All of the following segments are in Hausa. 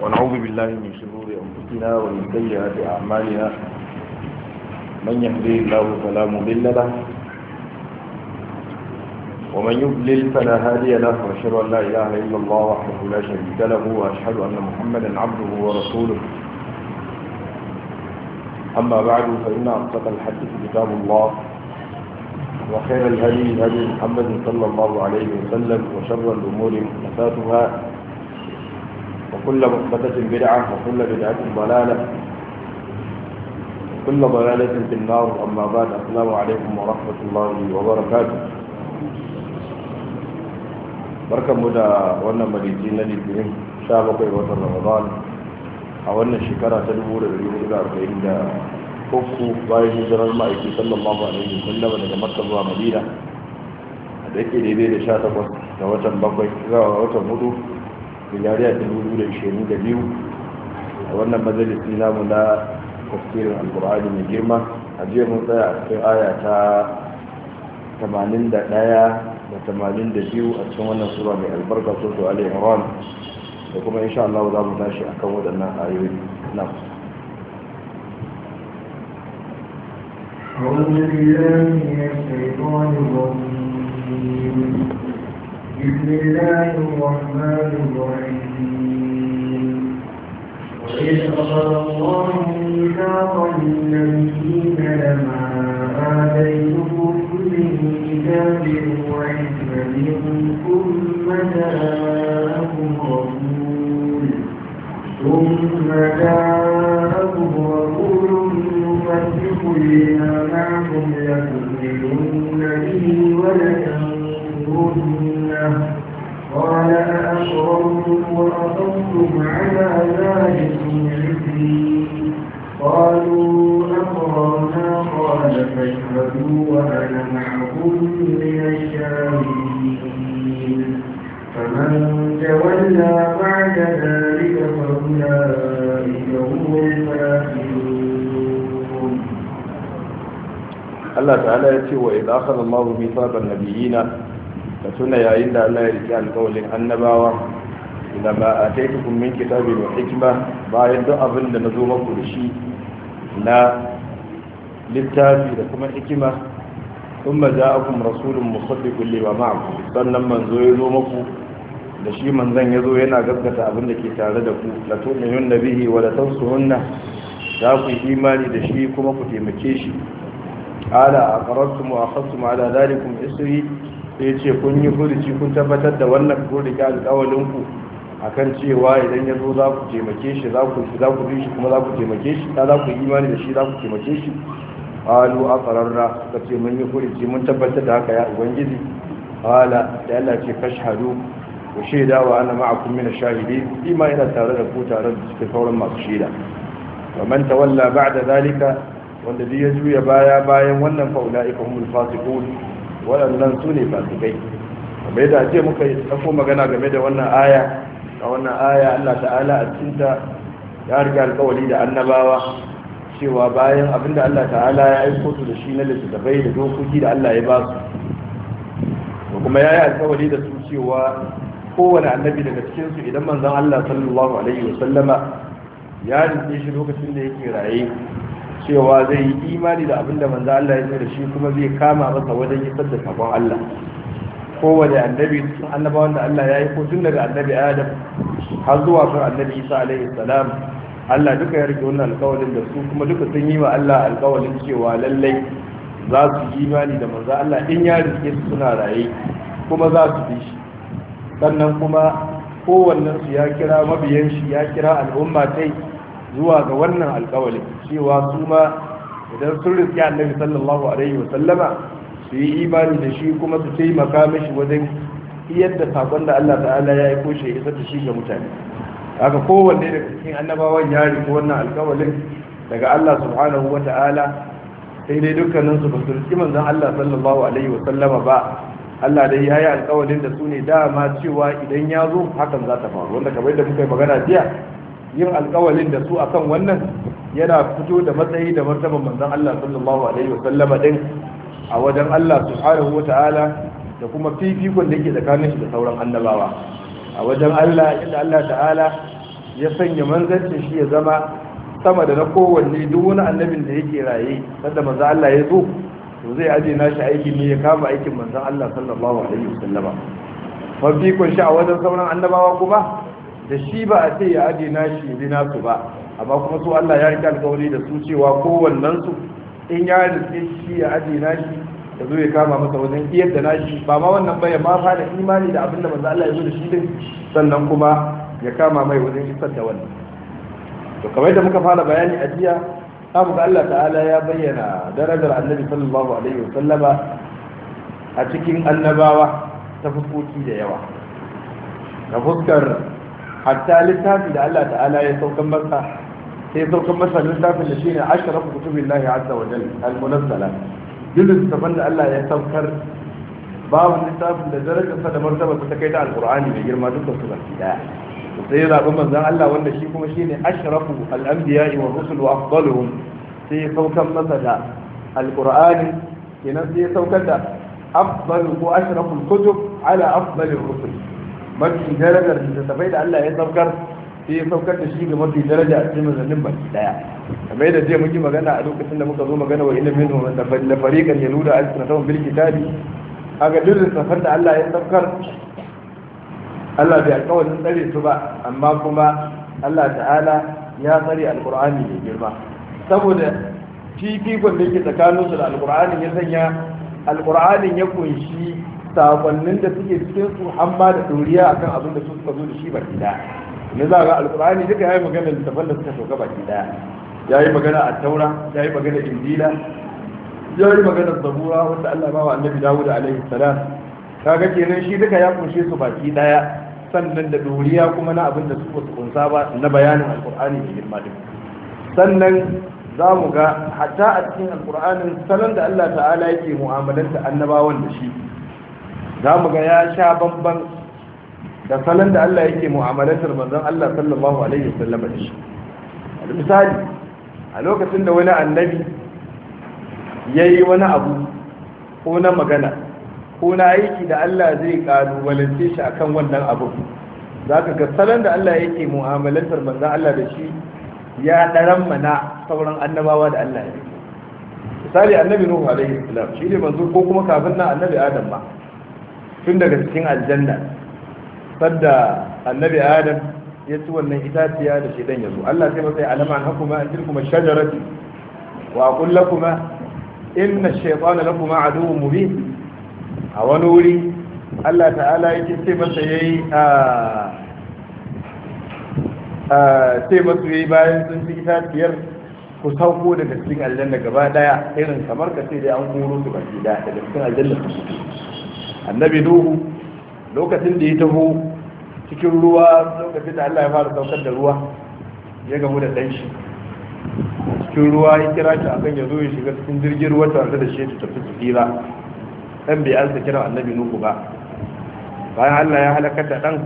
ونعوذ بالله من شرور أنفسنا ومن سيئات أعمالنا من يهدي الله فلا مضل له ومن يضلل فلا هادي له واشهد ان لا اله الا الله وحده لا شريك له واشهد ان محمدا عبده ورسوله اما بعد فان اصدق الحديث كتاب الله وخير الهدي هدي محمد صلى الله عليه وسلم وشر الامور محدثاتها وكل مثبتة بدعة وكل بدعة ضلالة وكل ضلالة في النار أما بعد أسلام عليكم ورحمة الله وبركاته بركة مدى وانا مليزين لدي بهم شابق إبوات الرمضان وانا شكرا تنبور اليوم إلى أربعين كفو بايه جرى المائكي صلى الله عليه وسلم لدى مكة الله مدينة أدكي لبيل شاتك وانا وانا وانا وانا miliyariya 2022 a wannan majalisi namu na tafsirin alkur'ani mai girma a jiya mun tsaya a cikin aya ta 81 da 82 a cikin wannan sura mai albarka sosu ali imran da kuma insha Allah za mu tashi kan waɗannan ayoyi na أعوذ بالله من الشيطان الرجيم بسم الله الرحمن الرحيم وإذ أخذ الله ميثاق النبيين لما آتيتكم من كتاب وحكمة ثم جاءكم رسول ثم جاءكم رسول مصدق لما معكم لتؤمنن به ولتنصرن أسلمتم على ذلكم عزي قالوا أقررنا قال فاشهدوا وأنا معكم من الشاهدين فمن تولى بعد ذلك فأولئك هم الفاسقون الله تعالى يأتي وإذا أخذ الله ميثاق النبيين ka يا yayin da Allah ya riƙe alƙawalin ila ma ataitukum min kitabin wa hikima, bayan duk abin da zo maku da shi na littafi da kuma hikima kun thumma ja'akum rasulun musaddiqun lima ma'akum sannan manzo ya zo maku da shi manzon ya zo yana gaggata abin da ke tare da ku la tu'minunna bihi wa la tansurunna za ku yi imani da shi kuma ku taimake shi ala a aqarrtum a kasu ala dhalikum isri sai ce kun yi furuci kun tabbatar da wannan ko rike alƙawalin ku akan cewa idan ya zo za ku taimake shi za ku shi za ku kuma za ku taimake shi za ku yi imani da shi za ku taimake shi a tsararra ka ce mun yi kurici mun tabbatar da haka ya ubangiji qala da Allah ce fashhadu ku shaida wa ana ma'akum min ash-shahidin ima ina tare da ku tare da cikin sauran masu shaida wa man tawalla ba'da zalika wanda duk ya juya baya bayan wannan fa ulaika humul fasiqun waɗannan su ne fasikai kamar yadda ce muka yi tsako magana game da wannan aya a wannan aya Allah ta'ala a cinta ya riga alkawari da annabawa cewa bayan abinda Allah ta'ala ya aiko su da shi na littattafai da dokoki da Allah ya ba su da kuma ya yi alkawari da su cewa kowane annabi daga cikinsu idan manzon Allah sallallahu alaihi wa sallama ya rike shi lokacin da yake raye cewa zai yi imani da abinda manza Allah ya ce da shi kuma zai kama masa wajen yi da sabon Allah kowane annabi cikin annabawan da Allah ya yi ko tun daga annabi Adam har zuwa kan annabi Isa alaihi salam Allah duka ya rike wannan alƙawarin da su kuma duka sun yi wa Allah alƙawarin cewa lallai za su yi imani da manzo Allah in ya rike su suna raye kuma za su bi shi sannan kuma kowannen su ya kira mabiyan shi ya kira al'umma tai zuwa ga wannan alƙawarin cewa su ma idan sun riske annabi sallallahu alaihi wa sallama su yi imani da shi kuma su taimaka mishi wajen iyar da sakon da Allah ta'ala ya yi kushe isa da shi ga mutane haka kowanne daga cikin annabawan ya riko wannan alkawalin daga Allah subhanahu wa ta'ala sai dai dukkanin su ba su riski manzon Allah sallallahu alaihi wa sallama ba Allah dai ya yi alkawalin da su ne dama cewa idan ya zo hakan za ta faru wanda kamar da muka yi magana jiya yin alkawalin da su akan wannan yana fito da matsayi da martaban manzon Allah sallallahu alaihi wa sallama din a wajen Allah subhanahu ta'ala da kuma fifikon da yake tsakanin shi da sauran annabawa a wajen Allah inda Allah ta'ala ya sanya manzancin shi ya zama sama da na kowanne duk wani annabin da yake raye sanda manzo Allah ya zo to zai aje nashi aikin ne ya kama aikin manzon Allah sallallahu alaihi wasallama fafikon shi a wajen sauran annabawa kuma da shi ba a ce ya aje nashi bi nasu ba amma kuma su Allah ya rika alƙawari da su cewa kowannen su in ya rufe shi ya aje nashi da zo ya kama masa wajen iyar da nashi ba ma wannan ba ya imani da abin da manzo Allah ya zo da shi din sannan kuma ya kama mai wajen isar da wannan to kamar da muka fara bayani a jiya samu ga Allah ta'ala ya bayyana darajar annabi sallallahu alaihi wasallama a cikin annabawa ta fuskoki da yawa da fuskar hatta littafi da Allah ta'ala ya saukan masa يضربكم مثلا من دافل الشيء عشرة كتب الله عز وجل المنزلة جزء تفن الله يتذكر باب النساب لدرجة فد مرتبة تكيدة القرآن بجرما دوك السبب سيدا أبو مزان الله وأن الشيكم الشيء أشرف الأنبياء والرسل وأفضلهم في صوت مثلا القرآن ينزل صوت كذا أفضل وأشرف الكتب على أفضل الرسل ما في جلد الرسل تفيد الله يتذكر sai ya saukar da shi ga mafi daraja a cikin manzannin baki daya kamar yadda jiya muke magana a lokacin da muka zo magana wa ilimin wa da fariqan nuna al-sunnatun bil kitabi aga dukkan safar da Allah ya saukar Allah bai alƙawarin tsare su ba amma kuma Allah ta'ala ya tsare alqur'ani da girma saboda fifikon da yake tsakanin su da alqur'ani ya sanya alqur'ani ya kunshi sakonnin da suke cikin su amma da duriya akan abin da su suka zo da shi baki daya ne za ga alkur'ani duka yayi magana da da suka sauka baki daya yayi magana a taura yayi magana injila yayi magana zabura wanda Allah ba wa annabi Dawud alaihi salam kaga kenan shi duka ya kunshe su baki daya sannan da duriya kuma na abinda su ba su kunsa ba na bayanin alkur'ani da girma duk sannan za mu ga hatta a cikin alkur'anin salon da Allah ta'ala yake mu'amalanta annabawan da shi za mu ga ya sha bambam. da salon da Allah yake mu'amalatar manzon Allah sallallahu alaihi wasallam da shi misali a lokacin da wani annabi yayi wani abu ko na magana ko na aiki da Allah zai kalubalance shi akan wannan abu zaka ga salon da Allah yake mu'amalantar manzon Allah da shi ya daran mana sauran annabawa da Allah ya misali annabi nuhu alaihi salam shi ne manzo ko kuma kafin nan annabi adam ba tun daga cikin aljanna sanda annabi adam ya ci wannan itaciya da shi ya zo Allah sai masa alama an hakuma an tilkuma shajarati wa aqul lakuma inna ash-shaytana lakum aduwwun mubin a wani wuri Allah ta'ala yake ce masa yayi a a ce masa yayi bayan sun ci itaciyar ku sauko daga cikin aljanna gaba daya irin kamar ka ce dai an koro su baki daya daga cikin aljanna annabi nuhu lokacin da ya taho cikin ruwa lokacin da Allah ya fara saukar da ruwa ya gamu da ɗanshi cikin ruwa ya kira shi akan ya zo ya shiga cikin jirgin ruwa tare da shi ta tafi tsira ɗan bai alsa kira annabi nuhu ba bayan Allah ya halakar da ɗan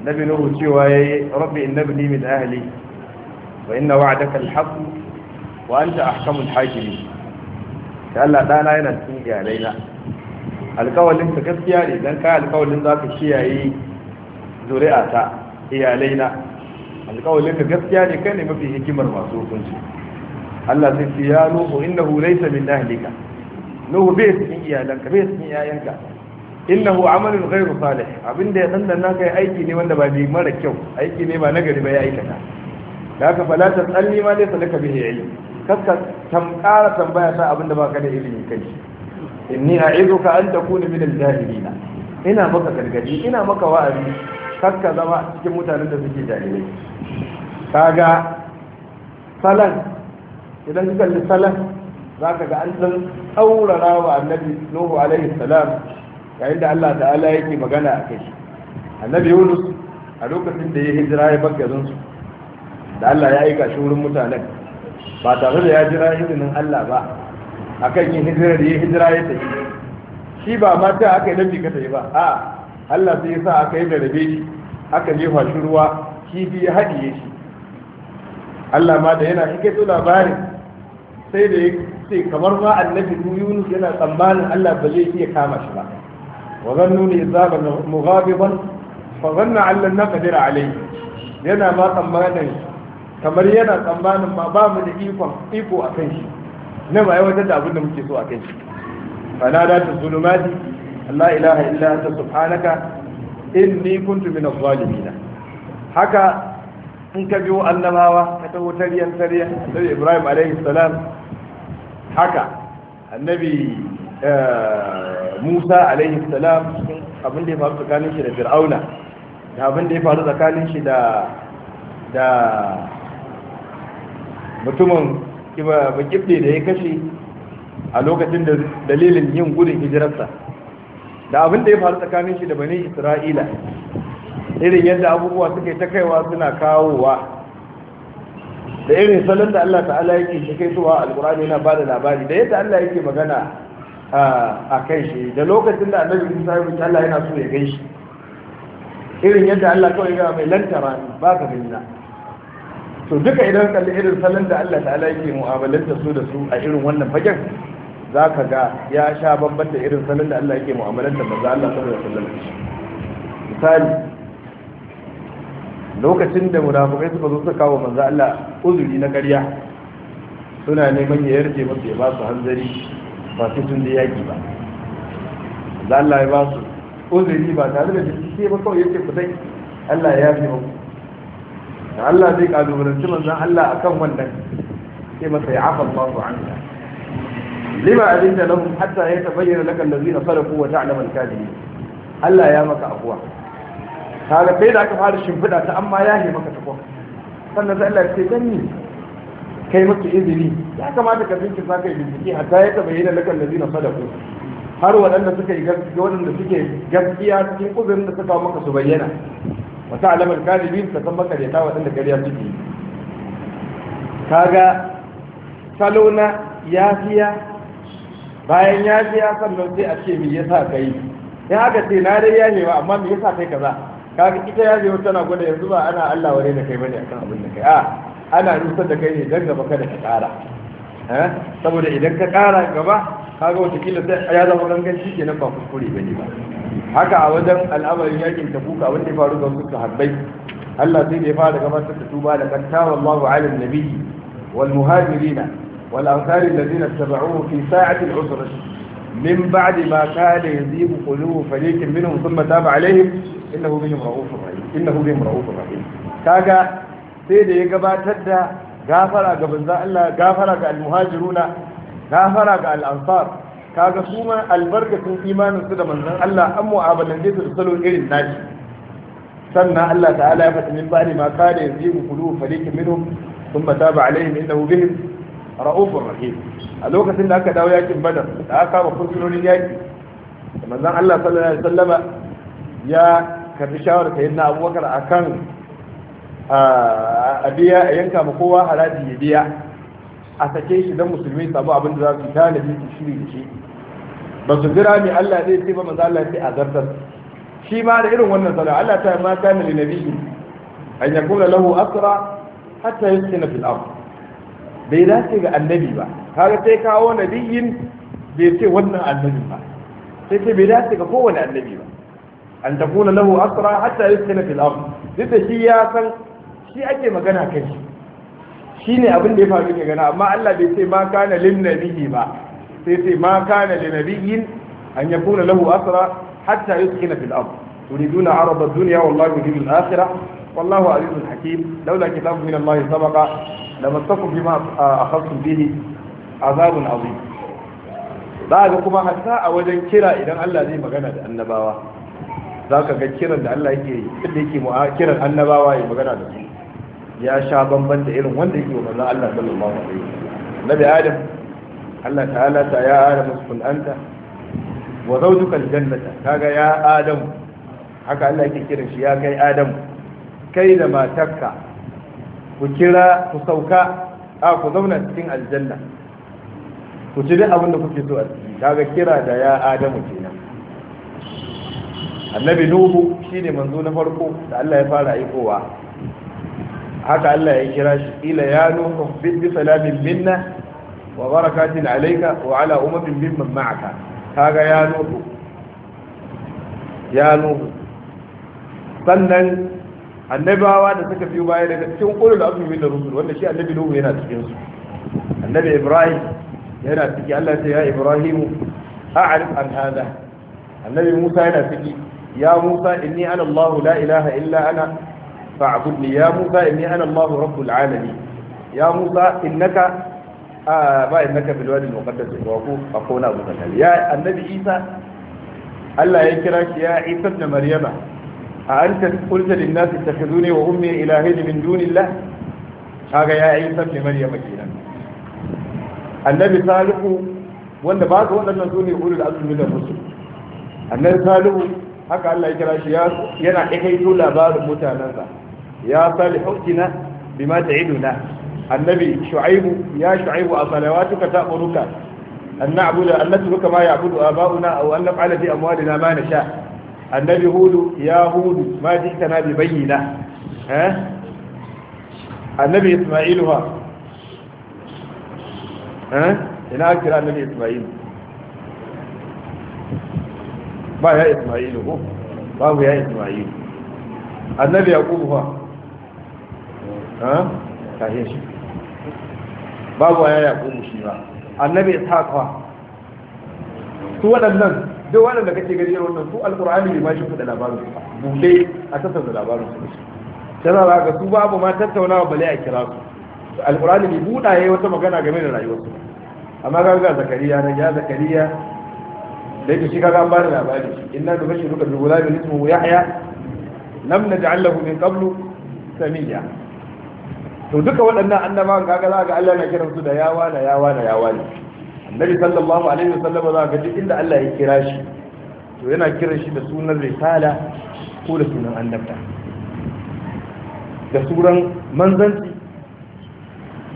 annabi nuhu cewa ya yi rabbi innabni min ahali wa inna wa'adaka a wa anta ahkamul hakimin Allah ɗana yana cikin iyalaina alkawalin ka gaskiya ne dan kai alkawalin zaka kiyaye iyalai iyalaina alkawalin ka gaskiya ne kai ne mafi hikimar masu hukunci Allah sai ce ya nuhu innahu laysa min ahlika nuhu bai cikin iyalanka bai cikin yayanka innahu amalun ghairu salih abinda ya dandana kai aiki ne wanda ba bi mara kyau aiki ne ba nagari ba ya aikata da haka fala ta tsalli ma laysa laka bihi ilmi kaskas tamkara ƙara tambaya ta abinda ba ka da ilimi kai inni a ka an takuna min minin jahilina ina maka gargadi ina maka wa'azi kar ka zama cikin mutanen da suke jahilai kaga salan idan ka kalli salan zaka ga an dan tsaurara wa annabi nuhu alaihi salam yayin da Allah ta'ala yake magana a kai annabi yunus a lokacin da ya hijira ya bar garinsu da Allah ya aika shi wurin mutanen ba tare da ya jira izinin Allah ba a kan yin hijira da ya hijira ya tafi shi ba ma ta aka yi dafi ka tafi ba a Allah sai ya sa aka yi da rabe shi aka yi fashi ruwa kifi ya haɗiye shi Allah ma da yana hike su labarin sai da ya ce kamar ma annabi Yunus yana tsammanin Allah ba zai iya kama shi ba wa zannu ne zaba mughabiban fa zanna Allah na qadira alayhi yana ma tsammanin kamar yana tsammanin ma ba mu da ikon iko akan shi na ba aiwatar da abin da muke so a kai shi da ta zulumati Allah ilaha illa anta subhanaka inni kuntu minaz zalimin haka in ka biyo annabawa ka taho tariyan tariyan annabi Ibrahim alaihi salam haka annabi eh, Musa alaihi salam abin da ya faru tsakanin shi da Fir'auna da abin da ya faru tsakanin shi da da mutumin kiba ba kibde da ya kashe a lokacin da dalilin yin gudun hijirarsa da abin da ya faru tsakanin shi da bani isra'ila irin yadda abubuwa suke ta kaiwa suna kawowa da irin salon da Allah ta'ala yake shi kai suwa alkurani yana ba da labari da yadda Allah yake magana a kai shi da lokacin da annabi sun sami wuce Allah yana so ya gaishe irin yadda Allah kawai ga mai lantara ba ka gani to duka idan kalli irin salon da Allah ta'ala yake mu'amalanta su da su a irin wannan fagen za ka ga ya sha bambanta irin salon da Allah yake mu'amalanta manzo Allah sallallahu alaihi wasallam misali lokacin da munafikai suka zo suka kawo manzo Allah uzuri na ƙarya suna neman ya yarje musu ya ba su hanzari ba su tun da yaki ba manzo Allah ya ba su uzuri ba tare da jiki sai ba kawai yake ku dai Allah ya fi muku da Allah zai kalubalanci manzon Allah kan wannan sai masa ya afa Allahu anka lima adinta lahum hatta yatabayyana da zina sadaqu wa ta'lamu al-kadhibin Allah ya maka abuwa. kaga sai da aka fara shimfiɗa ta amma ya yi maka ta takwa sannan sai Allah ya ce ganni kai maka izini ya kamata ka bincike ka yi bincike hatta ya tabayyana da allazina sadaqu har waɗanda suka yi gaskiya waɗanda suke gaskiya cikin uzurin da suka maka su bayyana wata alamar kalibin ka san makareta waɗanda ƙarya suke yi kaga Salona ya fiya bayan ya fiya sannan sai a ce me yasa kai sai haka sai na dai ya hewa amma me yasa kai kaza kaga ita yahewa tana gwada yanzu ba ana Allah ware da kai bane akan abin da kai a ana rusar da kai ne dan gaba kada ka ƙara eh? saboda idan ka kara gaba kaga watakila sai ya zama ganganci kenan ba kuskure ba ne ba haka a wajen al'amarin yakin tabuka abin da ya faru ga wasu sahabbai Allah sai da ya fara gabatar da tuba da kattawa Allahu ala nabiyyi wal muhajirina wal ansari alladhina tabauhu fi sa'ati al-usra min ba'di ma kana yazibu qulubu fariqin minhum thumma taba alaihim innahu bihim ra'ufur rahim innahu bihim ra'ufur rahim kaga sai da ya gabatar da gafara ga banza Allah gafara ga al-muhajiruna gafara ga al'ansar kaga su ma albarkacin imanin su da manzon Allah an mu'amalance su da salo irin nashi sannan Allah ta'ala ya faɗi min ba'di ma kada kana yazibu qulubu fariqin minhum ba taba alaihim innahu bihim ra'ufur rahim a lokacin da aka dawo yakin badar da aka kama fursunonin yaki da manzon Allah sallallahu alaihi wasallama ya karbi shawarar sayyidina Abubakar akan ah, a biya a yanka ma kowa haraji ya biya a sake shi don musulmi samu abin da za su tanadi su shiri da shi ba su jira ne Allah zai ce ba manzo Allah sai a zartar shi ma da irin wannan sala Allah ta ma kana na biyu. an ya kula lahu asra hatta yuskina na filam. bai dace ga annabi ba kaga sai kawo nabiyyin bai ce wannan annabi ba sai ce bai dace ga kowane annabi ba an takuna lahu asra hatta yuskina na filam. duk da shi ya san shi ake magana kai shi ne abin da ya faru ke gana amma Allah bai ce ma kana lin nabiyyi ba sai sai ma kana lin nabiyyin an yakuna lahu asra hatta yuskina fil ard turiduna arada dunya wallahu yuridu al-akhirah والله عزيز حكيم لولا كتاب من الله سبق لمسكم بما أخذتم به عذاب عظيم بعد كما حتى أوجن كرا إذا الله زي ما قال النباوة ذاك كرا أن الله يكي كرا magana da قال ya sha banban da irin wanda yake wa Allah sallallahu alaihi wasallam nabi adam Allah ta'ala ta ya adam kun anta wa zawjuka aljannata kaga ya adam haka Allah yake kiran shi ya kai adam kai da matarka ku kira ku sauka a ku zauna cikin aljanna ku ci duk abin da kuke so a ciki kaga kira da ya adamu kenan annabi nuhu shine manzo na farko da Allah ya fara aikowa haka Allah ya kira shi ila ya nuhu bi salamin minna wa barakatin alayka wa ala umamin mimman ma'aka kaga ya nuhu ya nuhu sannan annabawa da suka fi baya daga cikin ulul azmi min rusul wanda shi annabi nuhu yana cikin su annabi ibrahim yana ciki Allah ya ce ya ibrahim a'rif an hada annabi musa yana ciki ya musa inni ana allah la ilaha illa ana ya Musa inni ana Allahu rabbul alamin ya Musa innaka ba innaka wa ku akuna abu bakal ya annabi Isa Allah ya kira shi ya Isa ibn Maryama a anta qulta lin nas ittakhiduni wa ummi ilahin min dunillah kaga ya Isa ibn Maryama kenan annabi Salihu wanda ba ka waɗannan su ne ulul azumi da musu annan salihu haka Allah ya kira shi yana labarin mutanensa يا صالح ائتنا بما تعدنا النبي شعيب يا شعيب أصلواتك تأمرك أن نعبد أن نترك ما يعبد آباؤنا أو أن نفعل في أموالنا ما نشاء النبي هود يا هود ما جئتنا ببينة ها النبي إسماعيل ها ها هنا أكثر النبي إسماعيل ما يا إسماعيل هو ما هو يا إسماعيل النبي يقول ha tahe shi babu ya yaƙo shi ba annabi ishaqa su waɗannan duk waɗanda kake gani wannan su alqur'ani bai ma shi kuɗa labarin su ba bude a tattauna labarin su shi tana za ka su babu ma tattaunawa bale a kira su alqur'ani bai buɗa yayi wata magana game da rayuwarsu amma ga ga zakariya na ya zakariya da yake shi kaga an bada labari inna duka bi ghulamin ismuhu yahya lam naj'al lahu min qablu samiyya to duka waɗannan annabawan kaga za ga Allah na kiran su da yawa na yawa na yawa ne annabi sallallahu alaihi wasallam za ga duk inda Allah ya kira shi to yana kiran shi da sunan risala ko da sunan annabta da suran manzanci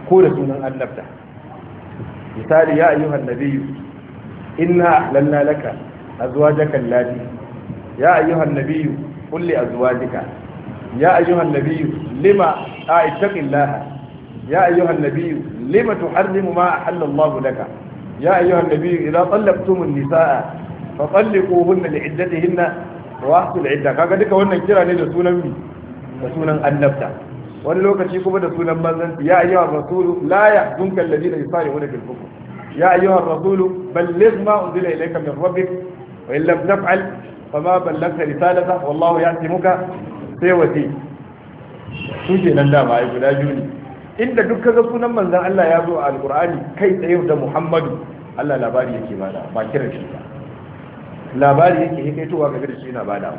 ko da sunan annabta misali ya ayyuhan nabiyyu inna lanna laka azwajaka allati ya ayyuhan nabiyyu qul li azwajika يا أيها النبي لما اتق الله يا أيها النبي لما تحرم ما أحل الله لك يا أيها النبي إذا طلقتم النساء فطلقوهن لعدتهن وأحصوا العدة كاكا ديكا wannan kira ne da sunan mi da sunan annabta wani lokaci kuma da sunan manzon ya ayyuhar rasul la yahzunka alladhina yusari'una fil kufr ya ayyuhar rasul balligh ma unzila ilayka min rabbik wa in lam taf'al fama ballagta risalata wallahu ya'timuka sai wasi su ke nan dama ai guda juni inda duk kaga sunan manzon Allah ya zo a alqur'ani kai tsaye da Muhammadu Allah labari yake bada ba kiran shi ba labari yake kai towa ga da shi na bada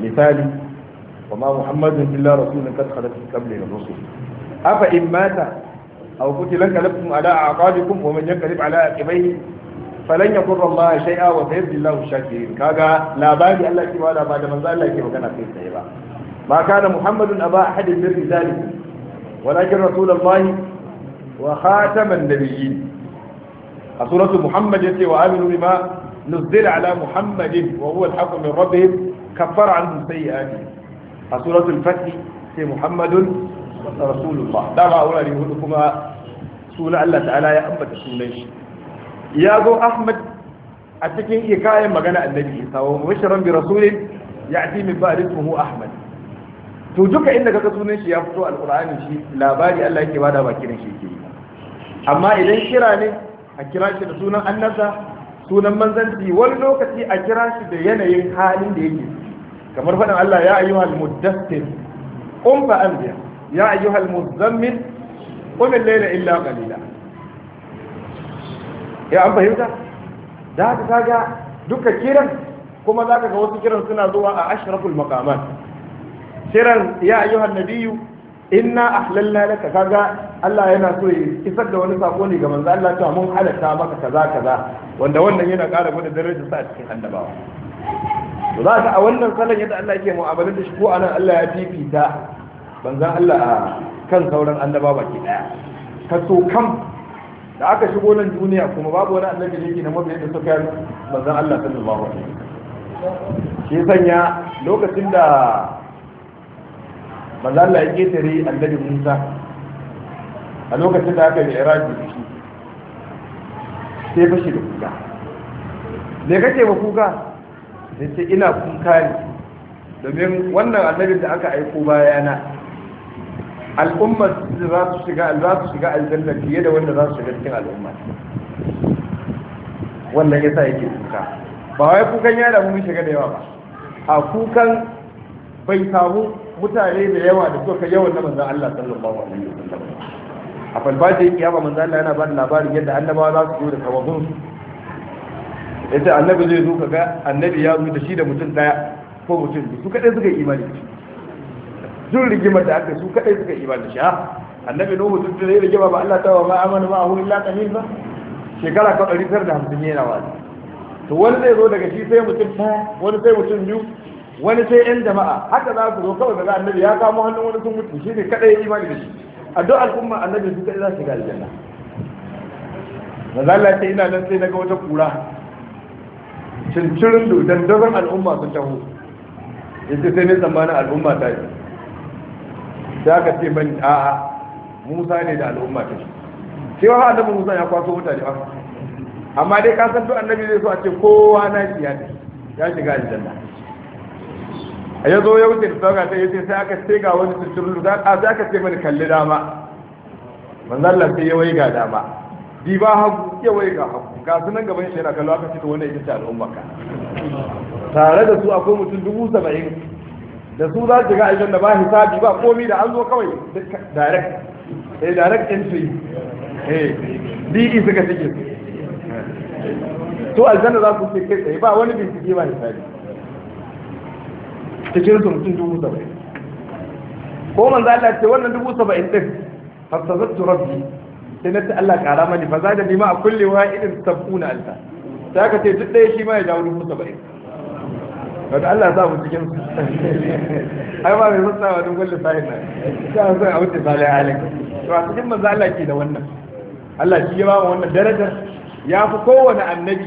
misali wa ma Muhammadun illa rasulun kad khalat min qabli ar-rusul afa in mata aw qutila kalabtum ala aqabikum wa man yakalib ala aqibaihi falan ya kurra ma shay'a wa sayyidu lahu shakirin kaga labari Allah ke wala ba da manzo Allah ke magana kai tsaye ba ma kana muhammadun aba min walakin wa khataman nabiyyin a suratu muhammad yace wa aminu bima nuzila ala muhammadin wa huwa al-haqqu min rabbihim kaffara a suratul fath sai muhammadun rasulullah hudu kuma sunan Allah ta'ala ya ambata sunan shi ya zo ahmad a cikin hikayen magana annabi isa wa mubashiran bi rasulin ya'ti min ba'di ismuhu ahmad to duka inda kaga sunan shi ya fito alqur'ani shi labari Allah yake bada baki da shi yake amma idan kira ne a kira shi da sunan annabta sunan manzanci wani lokaci a kira shi da yanayin halin da yake kamar faɗin Allah ya ayyuhal muddassir qum fa anzir ya ayyuhal muzammil qum al-layla illa qalila ya an fahimta da haka kaga duka kiran kuma zaka ga wasu kiran suna zuwa a ashraful maqamat kiran ya ayyuhan nabiyyu inna ahlalna laka kaga Allah yana so ya isar da wani sako ne ga manzo Allah cewa mun halatta maka kaza kaza wanda wannan yana ƙara mana darajar sa a cikin annabawa to za ka a wannan salon yadda Allah yake mu'amala da shi ko anan Allah ya fifita banzan Allah a kan sauran annaba ke daya ka so kam da aka shigo nan duniya kuma babu wani annabi da yake na mabiyin da suka yi manzon Allah sallallahu alaihi wasallam shi sanya lokacin da manzon Allah ya ketare annabi Musa a lokacin da aka yi iraji da shi sai fashi da kuka me kake ba kuka sai ce ina kuka ne domin wannan annabi da aka aiko bayana al'umma za su shiga za su shiga aljanna fiye da wanda za su shiga cikin al'umma wannan yasa yake kuka ba wai kukan yara mun shiga da yawa ba a kukan bai samu mutane da yawa da suka yawan na manzon Allah sallallahu alaihi wasallam a farfajin kiyama manzon Allah yana ba da labarin yadda annabawa za su zo da tawabun yace annabi zai zo kaga annabi ya zo da shi da mutum daya ko mutum su kadai suka yi imani duk rigima da aka su kadai suka imani shi annabi nuhu duk da rigima ba Allah ta wa ma amana ma hu illa qalil ba shekara ka 150 yana wani to wani zai zo daga shi sai mutum ta wani sai mutum biyu wani sai yan jama'a haka za su zo kawai daga annabi ya kamo hannun wani sun mutu shi ne kadai imani da shi a duk al'umma annabi su kadai za su ga aljanna manzo Allah ce ina nan sai naga wata kura cincirin dandazon al'umma sun taho yace sai ne tsammanin al'umma ta yi da aka ce ban a'a musa ne da al'umma ta shi sai wa annabi musa ya kwaso wuta ne ba amma dai ka san to annabi zai so a ce kowa na shi ya ya shiga aljanna a ya zo ya wuce da sauka sai ya ce sai aka ce ga wani tuturu da a sai aka ce mani kalli dama manzan Allah ya waiga dama bi ba hagu ya waiga hagu ga sunan gaban shi yana kallo aka ce to wannan ita ce al'umma ka tare da su akwai mutum dubu saba'in da su za su ga shiga da ba hisabi ba komi da an zo kawai direct eh direct entry eh bi e suka cike to aljanna za su kai tsaye ba wani bincike ba hisabi cikin su mutum dubu saba'in ko man za a ce wannan dubu saba'in ɗin fasazattu rabbi sai na ta Allah kara mani fa za da nima a kullewa irin tafuna alta sai aka ce duk ɗaya shi ma ya jawo dubu saba'in wata Allah ya samu cikin su ai ba mai sassa wa dungun lissahin nan ta sai a wuce sale halin to a cikin manzo Allah ke da wannan Allah shi ya ba mu wannan daraja. ya fi kowane annabi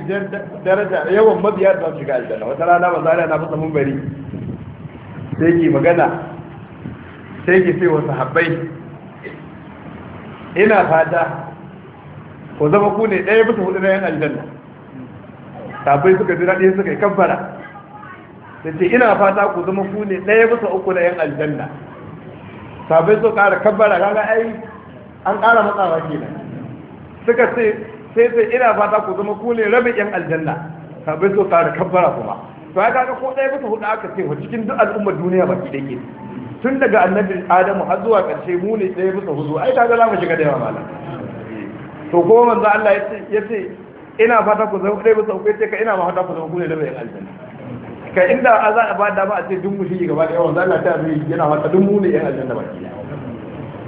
daraja yawan mabiya da su shiga aljanna wata rana manzo Allah na fasa mun bari sai ke magana sai ke sai wasu habbai ina fata ko zama ku ne ɗaya bisa hudu na yan aljanna sabai suka ji daɗi suka yi kamfara da ce ina fata ku zama ku ne ɗaya bisa uku na yan aljanna sabai su ƙara kabbara kaga ai an ƙara matsawa kenan suka ce sai sai ina fata ku zama ku ne rabin yan aljanna sabai su ƙara kabbara kuma to ya kaga ko ɗaya bisa hudu aka ce wa cikin duk al'umma duniya baki da ke tun daga annabi adamu har zuwa ƙarshe mu ne ɗaya bisa hudu ai kaga za mu shiga da yawa mala to ko manzo Allah ya ce ina fata ku zama ɗaya bisa uku ya ce ka ina ma fata ku zama ku ne rabin yan aljanna ka inda a za a ba da ba a ce dun mushi gaba da yawan zalla ta zai yana masa dun ne yan aljanna baki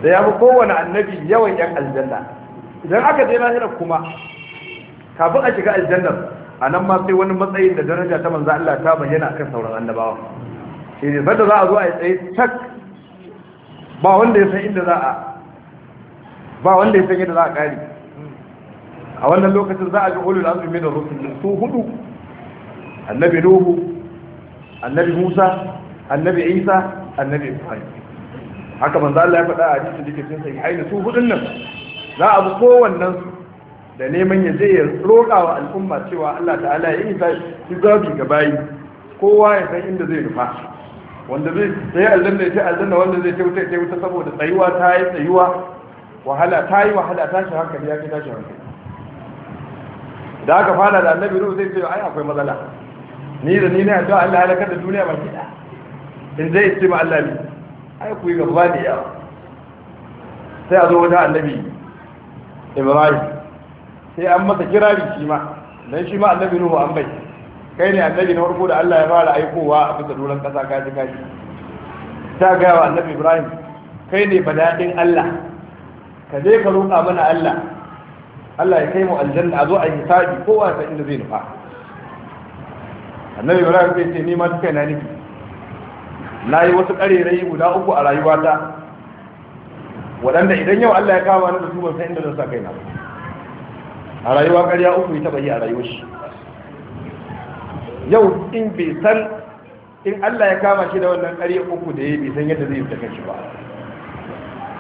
da ya fi kowane annabi yawan yan aljanna idan aka je lahira kuma kafin a shiga aljannar a nan ma sai wani matsayin da daraja ta manzo Allah ta bayyana akan sauran annabawa shi ne sanda za a zo a yi tsaye tak ba wanda ya san inda za a ba wanda ya san yadda za a kare a wannan lokacin za a ga ulul azmi min ar-rusul su hudu annabi nuhu annabi musa annabi isa annabi ibrahim haka manzo Allah ya faɗa a hadisin da yake cikin sahihaini su hudun nan za a bi kowannen da neman ya je ya roƙa wa al'umma cewa Allah ta'ala ya yi hisabi ga bayi kowa ya san inda zai rufa wanda zai sai aljanna ya ce aljanna wanda zai ce wuta ya ce wuta saboda tsayuwa ta yi tsayuwa wahala ta yi wahala ta shi hankali ya ta shi hankali da aka fara da annabi ruhu zai ce ai akwai matsala ni da ni na addu'a Allah halakar da duniya ba da in zai ce ma Allah ne ai ku yi gaba da yawa sai a zo wajen annabi Ibrahim sai an masa kirari shi ma dan shi ma annabi Nuhu an bai kai ne annabi na farko da Allah ya fara aikowa a bisa doron kasa kaji kaji ta ga wa annabi Ibrahim kai ne badadin Allah ka je ka roƙa mana Allah Allah ya kai mu aljanna a zo a hisabi kowa ta inda zai nufa annabi ba zai ce ni ma duka na niki na yi wasu ƙarerai guda uku a rayuwata waɗanda idan yau allah ya kama na da su ban san inda zan sa kaina a rayuwa ƙarya uku ya taɓa yi a rayuwar shi yau in bai san in allah ya kama shi da wannan ƙarya uku da ya bai san yadda zai fita shi ba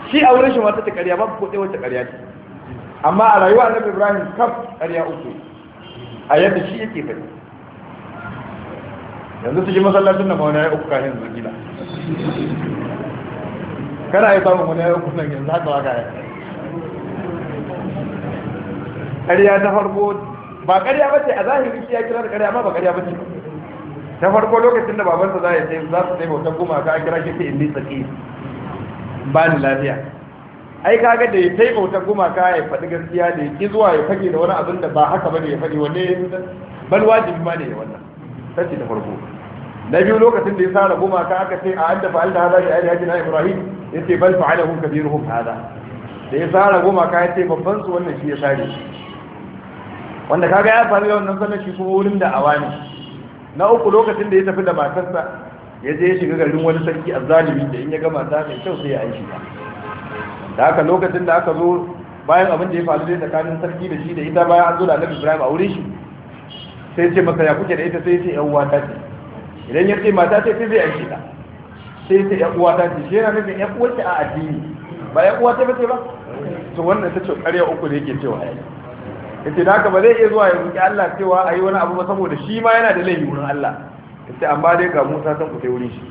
shi a wurin shi ma ta ƙarya ko dai wata ƙarya ce amma a rayuwa annabi ibrahim kaf ƙarya uku a yadda shi yake fadi yanzu su ji masallacin nan wani ya yi uku kayan zurgila kana yi samun wani ya yi uku nan yanzu haka waka kaya. ƙarya ta farko ba ƙarya bace a zahiri shi ya kira da ƙarya ma ba ƙarya bace ta farko lokacin da babansa za ya ce za su sai bautan gumaka a kira shi ta inni tsaki ba ni lafiya ai kaga da ya tai bautan gumaka ya faɗi gaskiya da ya ki zuwa ya fage da wani abin da ba haka ba ne ya faɗi wanne bal wajibi ma ne ya wannan sace ta farko na biyu lokacin da ya sa maka aka ce a anta fa'alta hada ji na ibrahim ya ce yace bal fa'alahu kabiruhum hada da ya sa ya ce babban su wannan shi ya sare wanda kaga ya faru yawan nan sannan shi kuma wurin da awani na uku lokacin da ya tafi da matarsa ya je ya shiga garin wani sarki a zalibi da in ya ga mata mai kyau sai ya aiki ta da haka lokacin da aka zo bayan abin da ya faru dai tsakanin sarki da shi da ita bayan an zo da Annabi Ibrahim a wurin shi sai ce masa ya kuke da ita sai ya ce yan uwa ta ce idan ya ce mata ce sai zai aiki ta sai ta ya uwa ta ce shi yana nufin ya uwa ta a addini ba ya uwa ta ba ce ba to wannan ta ce ƙarya uku da yake cewa ya yace da haka ba zai iya zuwa ya roki Allah cewa a yi wani abu ba saboda shi ma yana da laifin wurin Allah yace amma dai ga Musa san ku sai wurin shi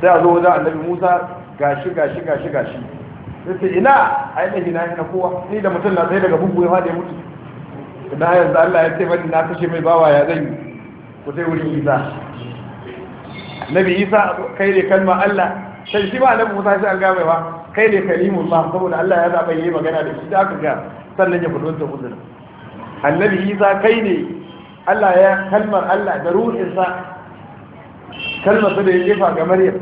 sai a zo wajen Annabi Musa gashi gashi gashi gashi ce ina ai da hina ina kowa ni da mutum na sai daga bugu ya fada ya mutu na yanzu Allah ya ce bani na kashe mai bawa ya zai ku sai wurin isa nabi isa kai ne kalma allah sai shi ba annabi musa shi an gama ba kai ne kalimun ba saboda allah ya zaɓa yi magana da shi da aka ga sannan ya fito fudunta uzurin annabi isa kai ne allah ya kalmar allah da ruhinsa kalmar su da ya jefa ga maryam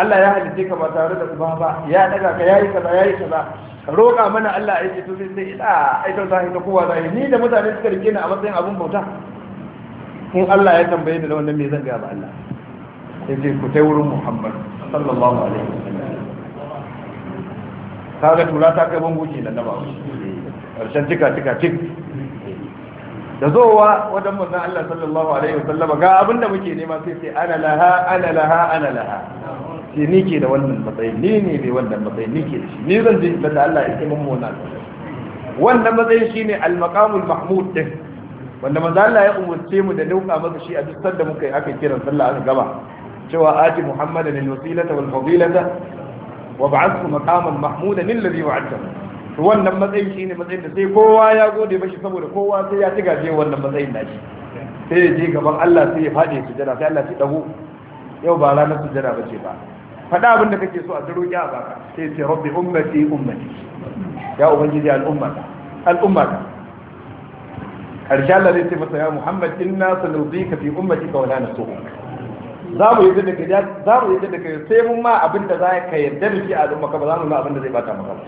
allah ya halitta ka ba tare da uba ba ya daga ka yayi kaza yayi kaza Ka roƙa mana Allah ya ce to sai sai ina ai ta zai ta kowa zai ni da mutane suka rike ni a matsayin abun bauta in Allah ya tambaye ni da wannan me zan ga ba Allah sai ce ku tai wurin Muhammad sallallahu alaihi wasallam kaga tura ta kai bango da da ba karshen tika tika tik da zowa wajen manzon Allah sallallahu alaihi wasallam ga abinda muke nema sai sai ana laha ana laha ana laha sai ni ke da wannan matsayi ni ne mai wannan matsayi ni ke da shi ni zan je da Allah ya kai mun wannan wannan matsayin shine al-maqamul mahmud din wanda manzo Allah ya umurce mu da dauka maka shi a dukkan da muka yi aka kiran sallah aka gaba cewa ati muhammadan lil wasilata wal fadilata wa ba'athu maqaman mahmudan alladhi wa'ada to wannan matsayin shi ne matsayin da sai kowa ya gode mashi saboda kowa sai ya ci gaje wannan matsayin nashi sai ya je gaban Allah sai ya fadi sujada sai Allah ya dago yau ba ranar sujada bace ba fada abin da kake so a daro ya baka sai ce rabbi ummati ummati ya ubangiji al'ummata al'ummata karshe Allah zai ce masa ya Muhammad inna sanudika fi ummatika wa la nasuhu za mu yi da kai za mu yi da kai sai mun ma abin da za ka yarda da shi a al'umma ka ba za mu ma abin da zai bata maka ba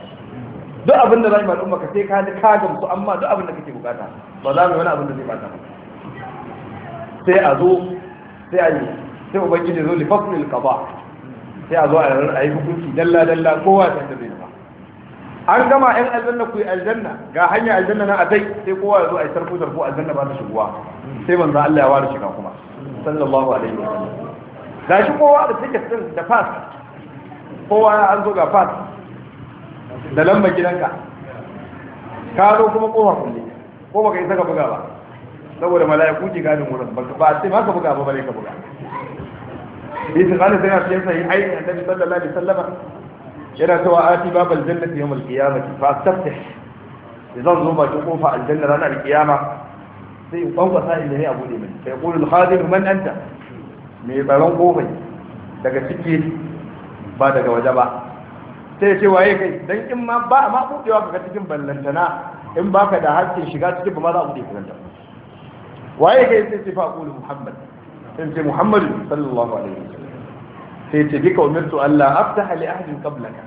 duk abin da za mu yi al'umma ka sai ka ji ka gamsu amma duk abin da kake bukata ba za mu yi wani abin da zai bata maka sai a zo sai a yi sai ubangiji zo li fasl al qada sai a zo a yi hukunci dalla dalla kowa ta da zai ba an gama yan aljanna ku yi aljanna ga hanyar aljanna na atai sai kowa ya zo a yi sarko sarko aljanna ba ta shigowa sai manzo Allah ya ware shiga kuma sallallahu alaihi wa sallam gashi kowa da ticket din da pass kowa ya an zo ga pass da lamba gidanka ka zo kuma kofa kulle ko baka isa ka buga ba saboda mala'iku ji gadin wurin ba sai ma ka buga ba bare ka buga bi ta kana sai a cikin sai ai annabi sallallahu alaihi wa sallama yana cewa ati babal jannati yawmal qiyamati fa taftih idan zo ba kofa aljanna ranar kiyama sai in kwankwasa inda ne abu ne mai sai qul al-khadim man anta me baron kofai daga ciki ba daga waje ba sai ce waye kai dan in ma ba ma budewa kaga cikin ballantana in baka da hakkin shiga cikin ba ma za a bude kuranta waye kai sai ce fa qul muhammad sai ce muhammad sallallahu alaihi wasallam sai ce umar su Allah aftaha hali ahadin qablaka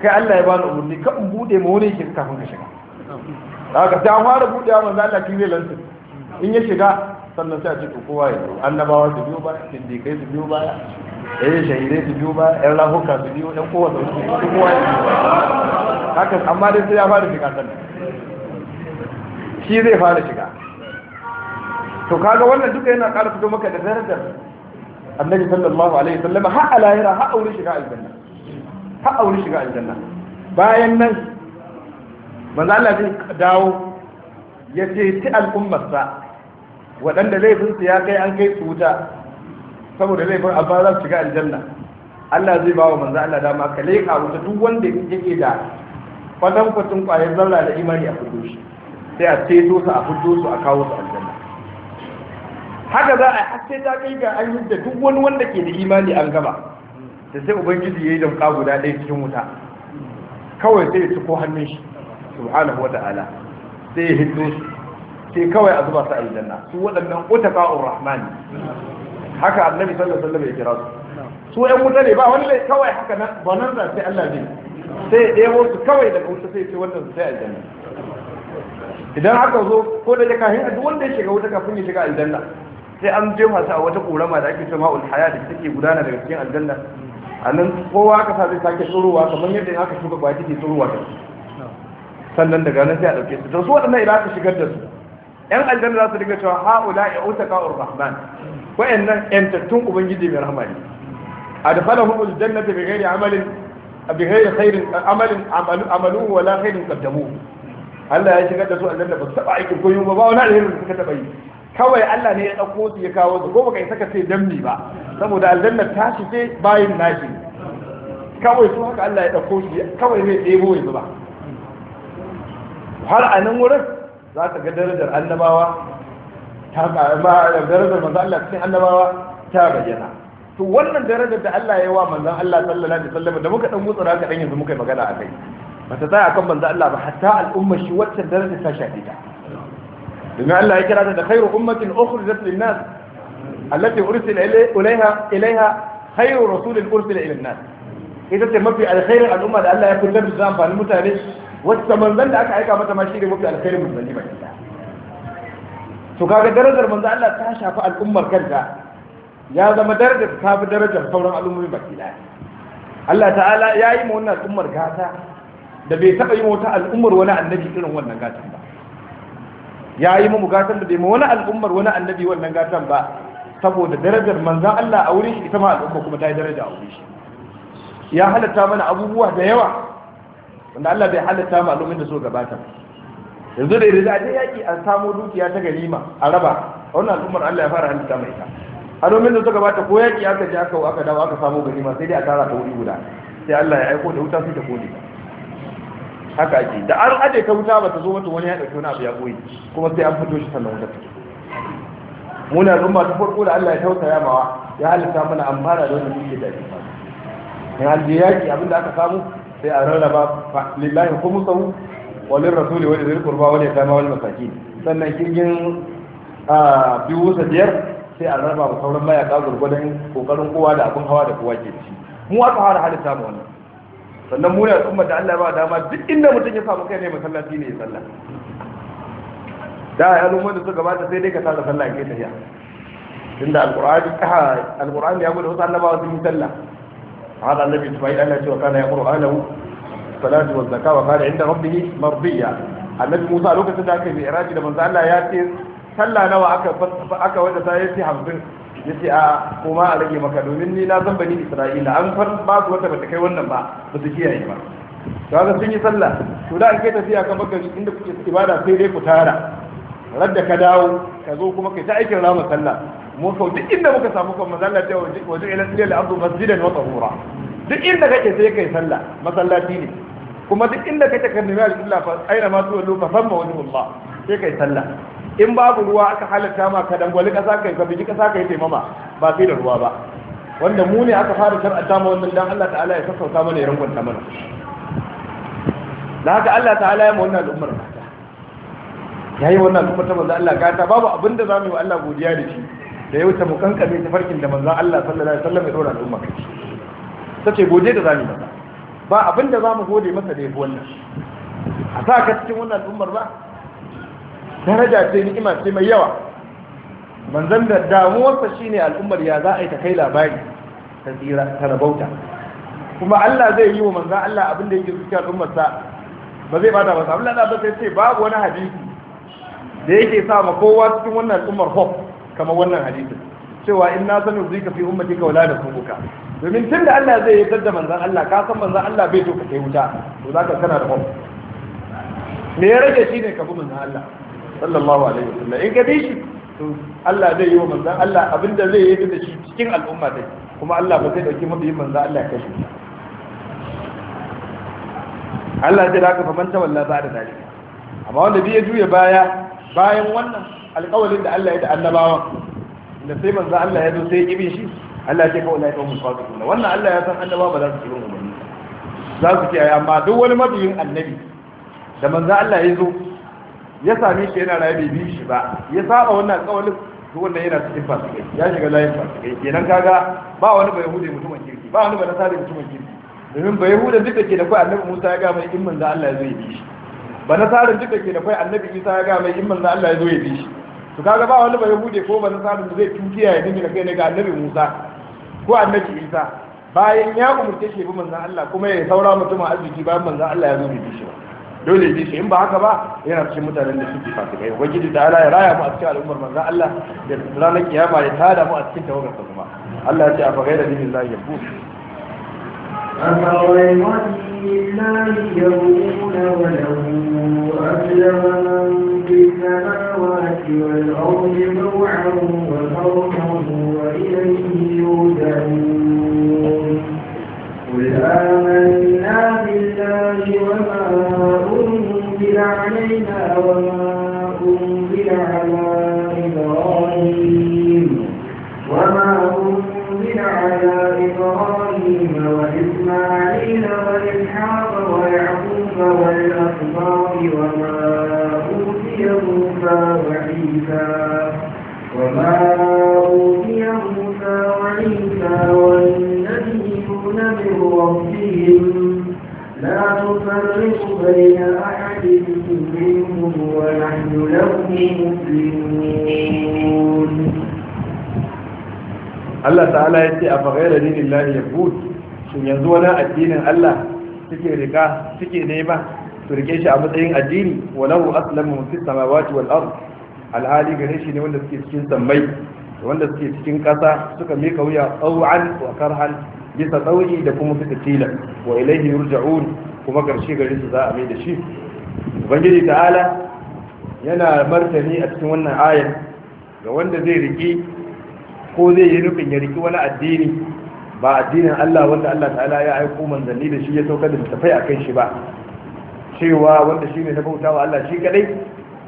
kai Allah ya bani umurni ka in bude mu wani shirka kafin ka shiga ka. ta fara bude wa manzo Allah kin lanta in ya shiga sannan sai a ce kowa ya zo annabawa su biyo baya siddiqai su biyo baya yi eh, shahidai su biyo baya yan rahuka su biyo yan kowa su biyo kowa ya biyo haka amma dai sai ya fara shiga sannan shi zai fara shiga to kaga wannan duka yana ƙara fito maka da darajar annabi sallallahu alaihi wasallam ha a lahira ha aure shiga aljanna ha aure shiga aljanna bayan nan manzo Allah zai dawo ya ce ti al'ummarsa waɗanda laifinsu ya kai an kai su wuta saboda laifin abba za su shiga aljanna Allah zai bawa manzo Allah dama ka leka wuta duk wanda yake da kwatan kwatun kwayar zarra da imani a fito shi sai a ceto su a fito su a kawo su aljanna haka za a haske ta kai ga an yadda duk wani wanda ke da imani an gaba da sai ubangiji ya yi damka guda ɗaya cikin wuta kawai sai ya ciko hannun shi subhanahu wa ta'ala sai ya hiddo su sai kawai a zuba su a aljanna su waɗannan utaka rahman haka annabi sallallahu alaihi wasallam ya kira su su ɗan wuta ne ba wani ne kawai haka nan za sai Allah ne sai ya ɗebo su kawai daga wuta sai ce wannan su sai aljanna idan haka zo ko da ya kahin duk wanda ya shiga wuta kafin ya shiga aljanna sai an je masu a wata ƙorama da ake ce ma'ul haya da take gudana daga cikin aljanna a nan kowa aka sa zai sake tsorowa kamar yadda aka shuka baki ke tsorowa da sannan daga nan sai a ɗauke su to su waɗannan idan aka shigar da su yan aljanna za su riga cewa ha'ula ya uta ka'ur rahman wa'annan yantattun ubangiji mai rahama ne adkhalahum aljannata bighairi amalin bighairi khairin amalin amaluhu wala khairin qaddamuhu Allah ya shigar da su aljanna ba su taba aikin koyo ba ba wani alheri suka taba yi kawai Allah ne ya ɗauko su ya kawo su ko baka isa ka ce damni ba saboda aljanna ta ce bayin nashi kawai su haka Allah ya ɗauko shi kawai zai ɗebo ya zuba har a nan wurin za ka ga darajar annabawa ta ba darajar manzo Allah cikin annabawa ta bayyana to wannan darajar da Allah ya yi wa manzon Allah sallallahu alaihi wasallam da muka dan mutsura ka dan yanzu muka yi magana akai ba ta tsaya akan manzo Allah ba hatta al'ummar shi wacce darajar ta shafe ta domin Allah ya kira ta da khairu ummatin ukhrijat lin nas allati ursila ilayha ilayha khairu rasulin ursila ila nas ita ce mafi alkhairin al'umma da Allah ya kullar da zan amfani mutane wacce manzon da aka aika mata ma shi ne mafi alkhairin manzanni ba ita to kaga darajar manzo Allah ta shafi al'ummar kanta ya zama darajar ta fi darajar sauran al'ummomi baki daya Allah ta'ala ya yi ma wannan al'ummar gata da bai taɓa yi wata al'ummar wani annabi irin wannan gatan ba ya yi mu gatan da bai ma wani al'ummar wani annabi wannan gatan ba saboda darajar manzan Allah a wurin shi ita ma al'umma kuma ta yi daraja a wurin shi ya halatta mana abubuwa da yawa wanda Allah bai halatta mu al'ummar da so gabata yanzu da irin a ta an samu samo dukiya ta ganima a raba a wannan al'ummar Allah ya fara halitta mai ta a domin da suka bata ko yaki aka ji aka aka dawo aka samo ganima sai dai a tara ta wuri guda sai Allah ya aiko da wuta sai ta kodi ta haka ake da an ajiye ta wuta ba ta zo mata wani ya ɗauki wani abu ya goyi kuma sai an fito shi sannan wuta fito muna rumma ta farko da Allah ya tausaya mawa ya halitta mana amfana da wani muke da ifa ne an yaki abin da aka samu sai a rarraba lillahi khumsahu wa lirrasuli wa lidhil qurba wa liyatama wal masakin sannan kingin a biyu sa biyar sai a rarraba sauran mayaka gurgudan kokarin kowa da abin hawa da kowa ke ci mu aka fara halitta mu wannan sannan mu ya tsumma da Allah ba dama duk inda mutum ya samu kai ne masallaci ne ya sallah da ya lumma da suka bata sai dai ka tsara sallah ke tafiya tunda alqur'ani alqur'ani ya gudu wasu annabawa sun yi sallah hada annabi tubai Allah cewa kana ya qur'anahu salatu wa zakka wa kana inda rabbih mardiya annabi Musa lokacin da aka yi iraji da manzo Allah ya ce sallah nawa aka aka wanda sai ya ce 50 ya ce a ko a rage maka domin ni na san bani isra'ila an far ba su wata bata kai wannan ba ba su kiyaye ba to haka sun yi sallah to da an kai tafiya kan bakari inda kuke ibada sai dai ku tara radda ka dawo ka zo kuma kai ta aikin rama sallah mu kau duk inda muka samu kan mazalla ta waje ila tilal ardu masjidan wa tahura duk inda kake sai kai sallah masallaci ne kuma duk inda kake kan nabi Allah fa aina ma tuwallu fa famma wajhullah sai kai sallah in babu ruwa aka halatta ma ka dangwali kasa kai ka biji kasa kai taimama ba sai da ruwa ba wanda mu ne aka fara shar'anta ma wannan dan Allah ta'ala ya sassauta mana ya rangwanta mana da haka Allah ta'ala ya ma wannan al'ummar ta. ya yi wannan al'ummar ta manzo Allah ta babu abin da za mu yi wa Allah godiya da shi da ya wuce mu kankame ta farkin da manzo Allah sallallahu alaihi wasallam ya dora al'umma kai sace godiya da zamu yi ba abin da za mu gode masa da yafi wannan a sa ka cikin wannan al'ummar ba daraja ce ni'ima ce mai yawa manzan da damuwarsa shi ne al'ummar ya za a yi ta kai labari ta tsira ta rabauta kuma Allah zai yi wa manzan Allah abin da yake zuciya al'ummarsa ba zai bada masa Allah ba sai ce babu wani hadisi da yake sa ma kowa cikin wannan al'ummar hof kamar wannan hadisin cewa in na sanin zai ka fi ummati ka wala da kuka domin tun da Allah zai yadda da manzan Allah ka san manzan Allah bai so ka kai wuta to ka kana da hof me ya rage shi ne ka bi manzan Allah sallallahu alaihi wasallam in gabe shi to Allah zai yi wa manzan Allah abinda zai yi da shi cikin al'umma dai kuma Allah ba zai dauki masa yin manzan Allah ya kashe Allah zai raka faman ta wallahi ba da dalili amma wanda bai juya baya bayan wannan alƙawarin da Allah ya da annabawan da sai manzan Allah ya zo sai ya kibe shi Allah ce kawai laifin musafikuna wannan Allah ya san annabawa ba za su kirin umarni za su kiyaye amma duk wani mabiyin annabi da manzo Allah ya zo ya sami shi yana rayu bai bi shi ba ya saba wannan tsawon to wannan yana cikin fasikai ya shiga layin fasikai kenan kaga ba wani bai hude mutumin kirki ba wani bai nasari mutumin kirki domin bai hude duk da ke da kai annabi Musa ya ga mai in manzo Allah ya zo ya bi shi ba nasarin duk da ke da kai annabi Isa ya ga mai in manzo Allah ya zo ya bi shi to kaga ba wani bai hude ko ba da zai tukiya ya dinga kai ne ga annabi Musa ko annabi Isa bayan ya umurce shi bi manzo Allah kuma ya saura mutumin arziki bayan manzo Allah ya zo ya bi shi ba dole ne shi in ba haka ba yana cikin mutanen da suke fasikai ubangiji da Allah ya raya mu a cikin al'ummar manzo Allah da ranar kiyama ya tada mu a cikin tawagar sa kuma Allah ya ce a fa gaira dinin Allah ya bu أفغير الله يبغون قل آمنا بالله وما أنزل علينا وما أنزل على إبراهيم وما أنزل على إبراهيم وإسماعيل وإسحاق ويعقوب والأسباط وما أوتي موسى وعيسى Allah ta'ala ya ce a faghaira dinin lahi ya shin yanzu wani addinin Allah suke rika suke nema su rike shi a matsayin addini walahu aslamu fi samawati wal ard alhali gare shi ne wanda suke cikin sammai wanda suke cikin kasa suka mika wuya tsawon wa karhan bisa tsauri da kuma bisa tila wa ilaihi yurja'un kuma karshe gare su za a mai da shi ubangiji ta'ala yana martani a cikin wannan ayar ga wanda zai riki ko zai yi nufin ya riki wani addini ba addinin Allah wanda Allah ta'ala ya aiko manzanni da shi ya saukar da tafai a kan shi ba cewa wanda shi ne na bautawa Allah shi kadai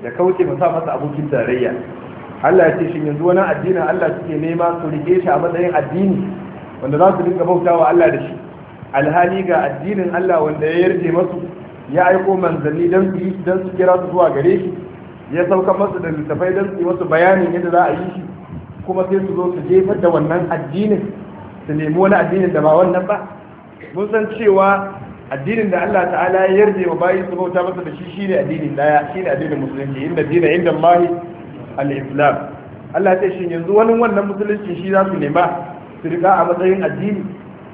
ya kauce masa masa abokin tarayya Allah ya ce shi yanzu wani addinin Allah suke nema su rike shi a matsayin addini wanda za su dinga bautawa Allah da shi alhali ga addinin Allah wanda ya yarje masu ya aiko manzanni don su don su kira su zuwa gare shi ya sauka masu da littafai don su yi masu bayanin yadda za a yi shi kuma sai su zo su jefar da wannan addinin su nemi wani addinin da ba wannan ba mun san cewa addinin da Allah ta'ala ya yarje wa bayi su bauta masa da shi shine addinin daya shine addinin musulunci inda dina inda Allah al-islam Allah ta shi yanzu wani wannan musulunci shi za su nema su rika a matsayin addini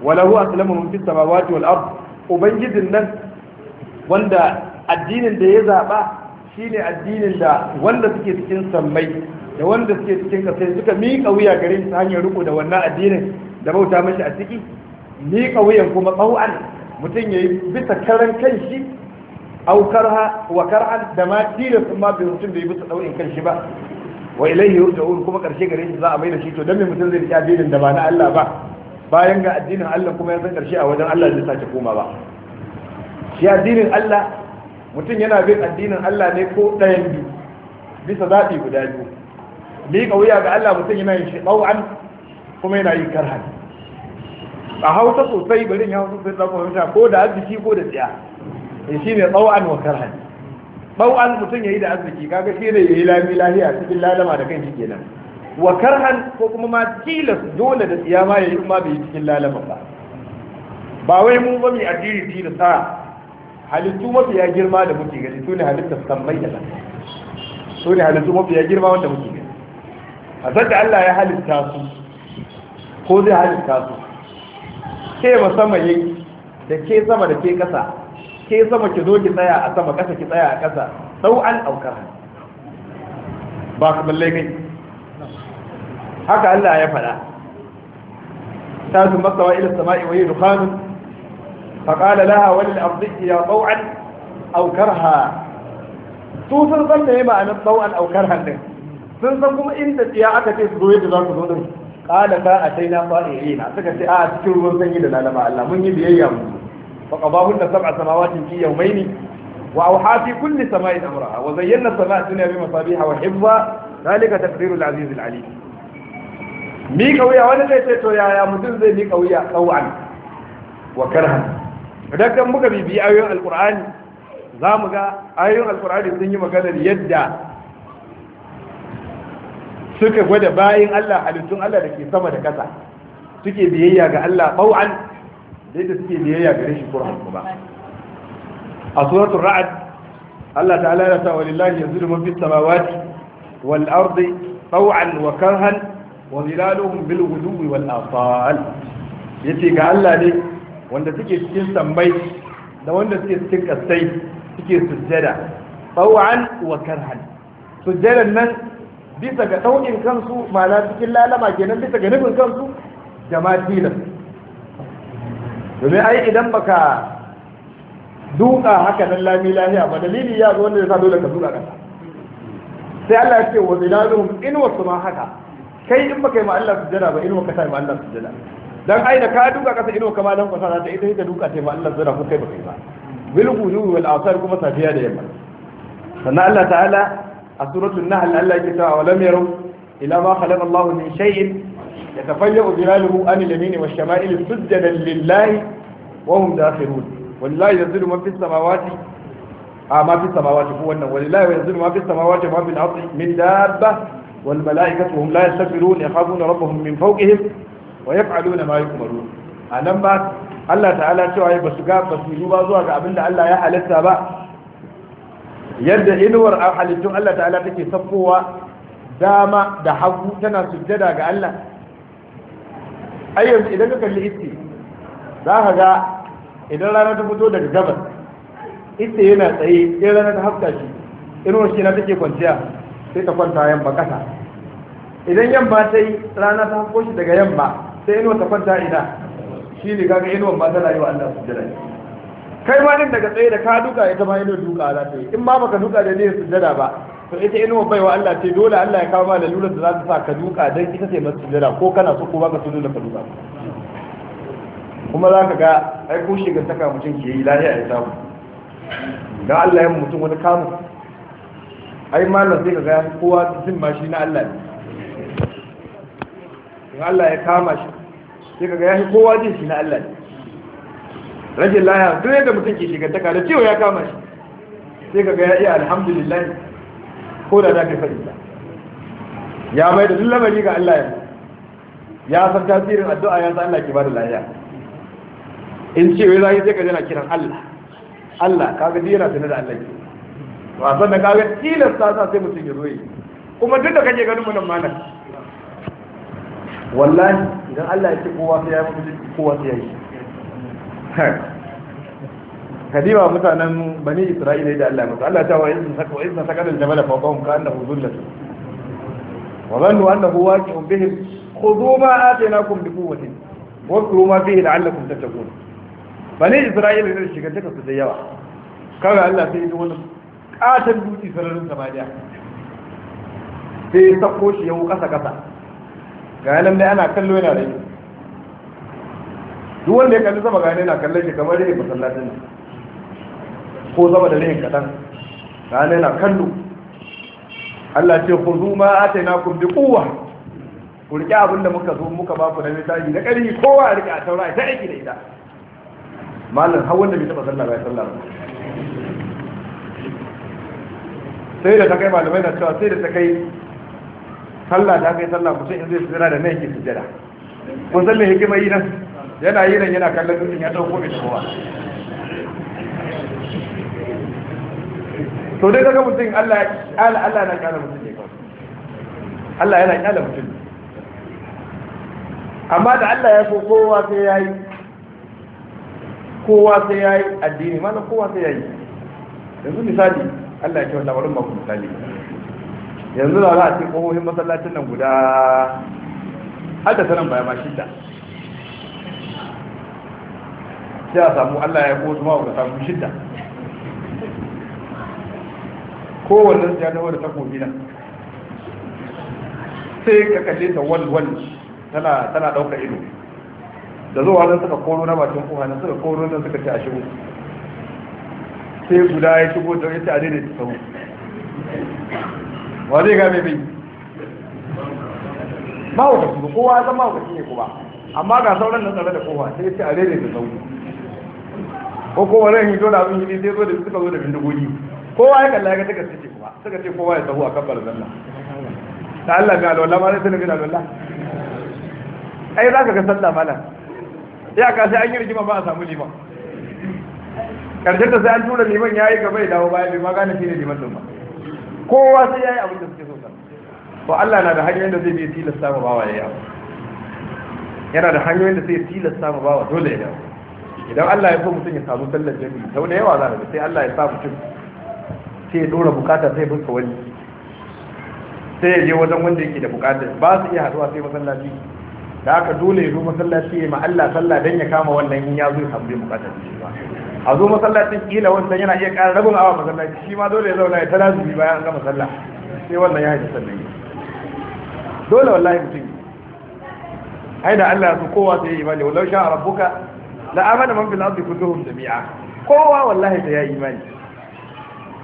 walahu aslamu min fis samawati wal ard ubangijin nan wanda addinin da ya zaba shine addinin da wanda suke cikin sammai da wanda suke cikin kasai suka miƙa wuya gare shi ta hanyar riko da wannan addinin da bauta mashi a ciki miƙa wuyan kuma tsawon mutum ya yi bisa karan kan shi aukar ha wa kar'an da ma sun ma bai mutum da ya bisa ɗau'in kan shi ba wa ilaihi yurja'un kuma karshe gare shi za a maida shi to dan me mutum zai riƙe addinin da ba na Allah ba bayan ga addinin Allah kuma ya san karshe a wajen Allah zai sace koma ba shi addinin Allah mutum yana bin addinin Allah ne ko ɗayan biyu bisa zaɓi guda biyu miƙa wuya ga Allah mutum yana yin shi an kuma yana yin karhan a hausa sosai barin ya hausa sosai tsakon hausa ko da arziki ko da tsiya ya eh, shi ne ɗau'an wa karhan ɗau'an mutum ya yi da arziki kaga shi ne ya yi lami lahiya cikin lalama da kan shi kenan wa karhan ko kuma ma tilas dole da tsiya ma ya yi kuma bai yi cikin lalama ba ba wai mu ba mai addini tilas ta halittu mafiya girma da muke gani su ne halittar mai da su ne halittu mafiya girma wanda muke a da Allah ya halitta su ko zai halitta su ke ba sama yi da ke sama da ke ƙasa ke sama ki zo ki tsaya a sama ƙasa ki tsaya a ƙasa sau an ɗaukar ba ka balle kai haka Allah ya faɗa ta su masawa ila sama'i wa yi dukhanun faƙala laha wani al'abdi ya tsau'an aukar ha su sun san da ya ma'anar tsau'an aukar hannun sun san kuma inda tsiya aka ce su zo yadda za ku zo din qala ka ataina fa'ilina suka ce a cikin ruwan sanyi da lalama Allah mun yi biyayya mu fa qabahunna sab'a samawatin fi yawmayn wa awha fi kulli sama'in amraha wa zayyana as-sama'a dunya bi masabiha wa hibba dhalika taqdirul aziz al-alim mi kauya wani zai ce to yaya mutum zai mi kauya tsawan wa karhan idan kan muka bibi ayoyin alqur'ani za mu ga ayoyin alqur'ani sun yi maganar yadda suka gwada bayin Allah halittun Allah da ke sama da ƙasa suke biyayya ga Allah ɓau'an da yadda suke biyayya ga rashin kurhan ba a suratun ra'ad Allah ta'ala ya ta walillahi yazulu man mafi samawati wal ardi ɓau'an wa karhan wa zilaluhum bil ghudwi wal asal yace ga Allah ne wanda suke cikin sammai da wanda suke cikin kastai suke sujjada ɓau'an wa karhan sujjadan nan bisa ga ɗaukin kansu ma'ana cikin lalama kenan bisa ga nufin kansu da matila tilas domin ai idan baka duka haka nan lami lahiya ba dalili ya zo wanda ya sa dole ka duka kasa sai Allah ya ce wa zilaluhum in wasu ma haka kai in baka yi ma Allah jira ba in wa yi ma Allah jira. dan ai da ka duka kasa in wa kama dan kwasa da ita ita duka ta ma Allah jira ko kai baka yi ba bil gudu wal asar kuma safiya da yamma sannan Allah ta'ala a suratul nahl Allah yake cewa walam yarau ila ma khalaqa Allah min shay'in yatafayyu zilaluhu an al-yamin wa ash-shama'il sujjadan lillahi wa hum dakhirun wallahi yazulu ma fis samawati a ma fis samawati ko wannan wallahi yazulu ma fis samawati ma fil ardi min dabba wal mala'ikatu hum la yastaghfirun yakhafuna rabbahum min fawqihim wa yaf'aluna ma yu'marun nan ba Allah ta'ala cewa ba su ga ba su yi ba zuwa ga abinda Allah ya halatta ba yadda inuwar halittun Allah ta'ala take sakkowa dama da hagu tana sujjada ga Allah ai yanzu idan ka kalli iske za ka ga idan rana ta fito daga gabas iske yana tsaye sai rana ta hafta shi inuwar shi na take kwanciya sai ta kwanta yamma kasa idan yamma ta yi rana ta hafko shi daga yamma sai inuwar ta kwanta ina shi ne kaga inuwar ba tana yi wa Allah sujjada shi kai ma din daga tsaye da ka duka ita ma inuwa duka za ta yi in ma baka duka da ne sujada ba to ita bai baiwa Allah ce dole Allah ya kawo ma lalurar da za ta sa ka duka dan ita ce masu sujada ko kana so ko baka so dole ka duka kuma za ka ga ai ko shiga saka mutum ke yi lahiya ya samu dan Allah ya mutum wani kamu ai malam sai ka ga kowa jin ma shi na Allah ne in Allah ya kama shi sai ka ga ya kowa jin shi na Allah ne rajin laya duk yadda mutum ke shiga takara ciwo ya kama shi sai ka ga ya iya alhamdulillah ko da zafi ka faɗi ya mai da duk ga Allah ya ya san tasirin addu'a ya san Allah ke bada lafiya in ce wai zai sai ka jana kiran Allah Allah ga dira tana da Allah ke wasan da kaga tilasta sa sai mutum ya zo kuma duk da kake ganin mun nan wallahi idan Allah ya ce kowa sai ya mutu kowa sai ya yi kadiwa mutanen bani isra'ila da Allah mutu Allah ta waye sun saka waye sun saka da jabal fawqahum ka annahu zullatu wa zannu annahu waqi'un bihim khudhu ma atainakum bi quwwatin wa kuru ma fihi la'allakum tattaqun bani isra'ila da shiga take su da yawa kawai Allah sai ya wani katon dutse sararin samaniya sai ya sako shi yau kasa kasa ga nan dai ana kallo yana da duk wanda ya kalli sama gane na kallon shi kamar rihin masallacin ko sama da rihin kaɗan gane na kallo Allah ce ku zu ma a taina ku bi kuwa ku riƙe abin da muka zo muka ba ku na misali na ƙarfi kowa a riƙe a taura ta aiki da ita malam har wanda bai taɓa sallah bai sallah sai da ta kai malamai na cewa sai da ta kai sallah ta kai sallah mutum in zai sujjada da nan yake sujjada kun san me hikimar yi nan yana yi nan yana kallon dutsen ya dauko mai kowa to dai daga mutum Allah Allah na kyala mutum ne kawai Allah yana kyala mutum amma da Allah ya so kowa sai yayi kowa sai yayi addini mana kowa sai yayi yanzu misali Allah ya kyauta wurin maku misali yanzu da za a ce kohohin masallacin nan guda hadda sanan bayan ma shida sai a samu Allah ya ko su ma'aurata samu shidda wannan ya dawo da takobi nan sai ka kalle ta walwal tana tana ɗaukar ido da zuwa nan suka koro na bakin koha nan suka koro nan suka ci a shigo sai guda ya shigo da ya a daidai ta sahu wa zai game bai mawakaci ba kowa ya zama mawakaci ne kuma amma ga sauran nan tsare da kowa sai ya ce a daidai da sahu ko ko wani yin dole abin yi sai zo da suka zo da bindigogi kowa ya kalla ya ga suka ce kuma suka ce kowa ya taho a kan barzalla da Allah mai alwala ma zai sanin gina alwala ai za ka ga sallah malam ya ka sai an yi rigima ba a samu liman karshen da sai an tura liman ya yi gaba ya dawo baya liman gane shi ne liman din ba kowa sai ya yi abin da suke so to Allah na da hanyoyin da zai bi tilasta ma bawa ya yi yana da hanyoyin da zai tilasta ma bawa dole ya dawo idan Allah ya so mutum ya samu sallar jami sau da yawa za ka sai Allah ya sa mutum sai ya dora bukata sai fuska wani sai ya je wajen wanda yake da bukatar ba su iya haduwa sai masallaci da aka dole ya zo masallaci ya ma Allah sallah dan ya kama wannan in ya zo ya samu bukatar shi a zo masallacin kila wannan yana iya ƙara rabin awa masallaci shi ma dole ya zauna ya tara zubi bayan an gama sallah sai wannan ya sannan sallah dole wallahi mutum ai da Allah ya so kowa sai ya yi bane wallahi sha rabbuka la amana man fil ardi kulluhum jami'a kowa wallahi da ya imani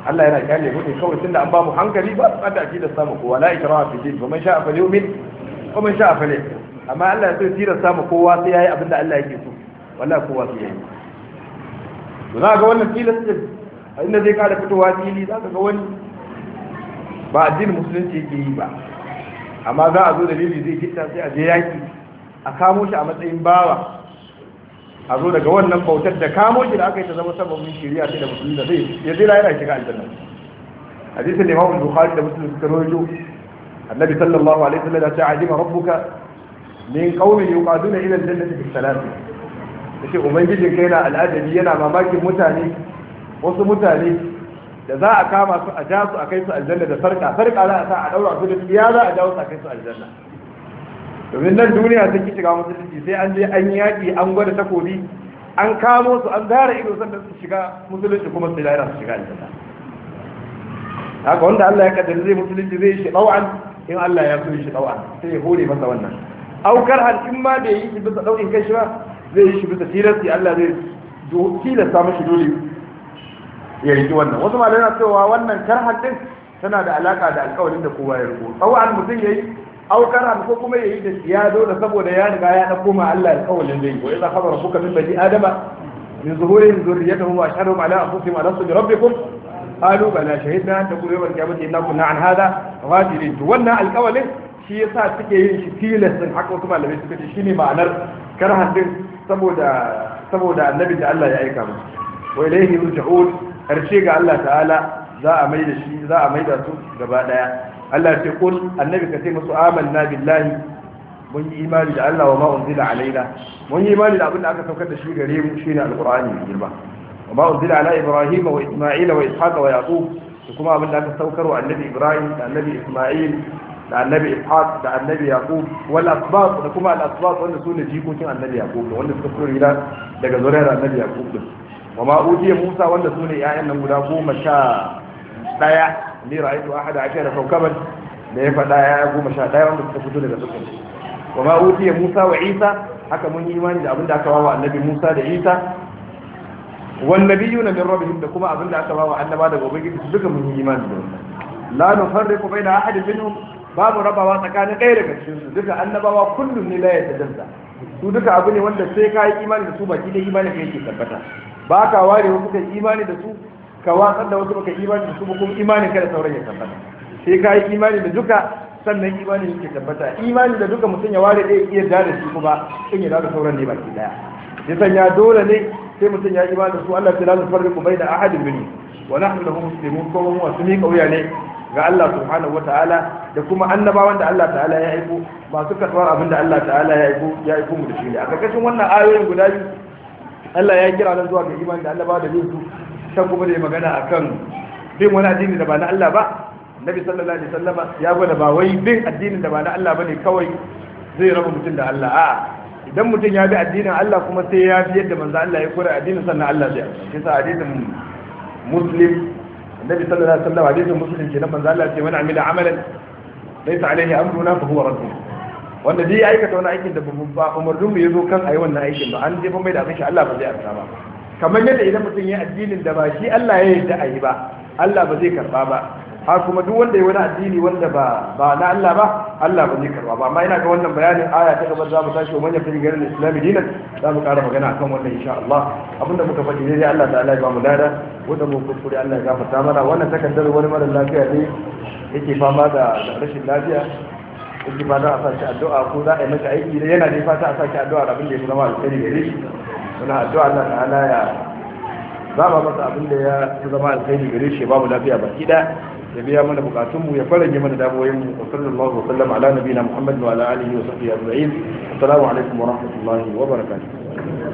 Allah yana kyale mu ne kawai tunda an ba mu hankali ba ba ta da samu kowa la ikraha fi din man sha'a falyu'min wa man sha'a falyakfur amma Allah ya so tira samu kowa sai yayi abinda Allah yake so wallahi kowa sai yayi to za ga wannan tilastin inda zai kada fitowa fili za ka ga wani ba addinin musulunci yake yi ba amma za a zo dalili zai kitta sai a je yaki a kamo shi a matsayin bawa a zo daga wannan bautar da kamo shi da aka yi ta zama sababin shirya sai da musulmi da zai ya zai lahira shiga aljanna hadisin da imamu bukhari da musulmi suka rojo annabi sallallahu alaihi wasallam ya ce ajima rabbuka min qaumin yuqaduna ila aljannati bi salati yace ubangijin kai na al'adabi yana mamakin mutane wasu mutane da za a kama su a ja su a kai su aljanna da sarka sarka za a sa a daura su da tsiya za a jawo su a kai su aljanna domin nan duniya sun ki shiga musulunci sai an je an yaƙi an gwada takobi an kamo su an zara ido sannan su shiga musulunci kuma su lahira su shiga aljanna haka wanda Allah ya kaddara zai musulunci zai shi ɗau'an in Allah ya so shi ɗau'an sai ya hore masa wannan aukar har in ma bai yi shi bisa ɗau'in kai shi ba zai yi shi bisa tilasti Allah zai tilasta mashi dole ya yi wannan wasu malamai na cewa wannan karhar din tana da alaka da alƙawarin da kowa ya rubo tsawon mutum ya yi aukara ko kuma yayi da siya dole saboda ya riga ya dauko ma Allah alƙawalin zai wa idza khabara kuka min bani adama min zuhurihim dhurriyyatahum wa asharum ala anfusihim alastu bi rabbikum qalu bala shahidna an taqulu yawmal qiyamati inna kunna an hadha ghafilin to wannan alƙawalin shi yasa suke yin shi tilasin haka wasu malamai suka ce shine ma'anar karhan din saboda saboda annabi da Allah ya aika mu wa ilayhi yurja'un karshe ga Allah ta'ala za a mai da shi za a mai da su gaba daya Allah ce kul annabi ka ce musu amanna billahi mun yi imani da Allah wa ma unzila alaina mun yi imani da abin da aka saukar da shi gare mu shine alqur'ani mai girma wa ma unzila ala ibrahim wa isma'ila wa ishaqa wa yaqub da kuma abin da aka saukar wa annabi ibrahim da annabi isma'il da annabi ishaq da annabi yaqub wal asbab da kuma al asbab wanda su ne jikokin annabi yaqub wanda suka fito rira daga zuriyar annabi yaqub din wa ma ujiya musa wanda su ne ƴaƴan nan guda goma sha daya ni ra'aytu ahada ashara kawkaban da ya faɗa ya goma sha ɗaya wanda suka fito daga dukkan wa ma utiya Musa wa Isa haka mun yi imani da abin da aka bawa annabi Musa da Isa wal nabiyuna min rabbihim da kuma abin da aka bawa annaba daga ubangiji duka mun yi imani da wannan la nufarriqu baina ahadin minhum babu rabawa tsakanin ɗaya daga cikin su duka annabawa kullum ne la yatadalla su duka abu ne wanda sai ka yi imani da su baki da imani kai ke tabbata ba ka ware wasu kai imani da su ka watsar da wasu baka imani su ba kuma imanin kada da sauran ya tabbata sai ka yi imani da duka sannan imanin yake tabbata imani da duka mutum ya ware ɗaya iya da da shi kuma sun ya da sauran ne baki daya ya sanya dole ne sai mutum ya imani da su Allah ta farin kuma da ahadin minhum wa nahnu lahu muslimun kuma mu wasu miƙa wuya ne ga Allah subhanahu wataala da kuma annabawan da Allah ta'ala ya aiko masu kasuwar abin da Allah ta'ala ya aiko ya aiko mu da shi ne a karkashin wannan ayoyin guda biyu Allah ya kira nan zuwa ga imani da ba da bin su can kuma da magana a kan bin wani addini da ba na Allah ba nabi sallallahu alaihi Sallama ya gwada ba wai bin addinin da ba na Allah ba ne kawai zai raba mutum da Allah a idan mutum ya bi addinin Allah kuma sai ya bi yadda manzo Allah ya kura addinin sannan Allah zai shi sa addinin muslim nabi sallallahu alaihi Sallama, addinin muslim ke nan manzo Allah ce man amila amalan laysa alaihi amruna fa huwa raddun wanda dai aikata wani aikin da ba umarnin mu yazo kan ayi wannan aikin ba an jefa mai da abin shi Allah ba zai amsa ba kamar yadda idan mutum ya addinin da ba shi Allah ya yarda a yi ba Allah ba zai karba ba ha kuma duk wanda ya wani addini wanda ba ba na Allah ba Allah ba zai karba ba amma ina ga wannan bayanin aya ta gaba za mu tashi wa manyan firin garin islami dinan za mu ƙara magana akan wannan insha Allah abinda muka faɗi ne dai Allah ta Allah ya ba mu dada wanda mu kuskure Allah ya gafarta mana wannan takardar wani mara lafiya ne yake fama da rashin lafiya yake fata a sashi addu'a ko za a yi masa aiki yana dai fata a sashi addu'a abin da ya zama alheri gare shi muna addu'a Allah ta'ala ya zaba masa abin da ya zama alkhairi gare shi babu lafiya baki da ya biya mana bukatun mu ya farage mana dawoyin mu wa sallallahu wa sallam ala nabiyina muhammad wa ala alihi wa sahbihi ajma'in assalamu alaikum wa rahmatullahi wa barakatuh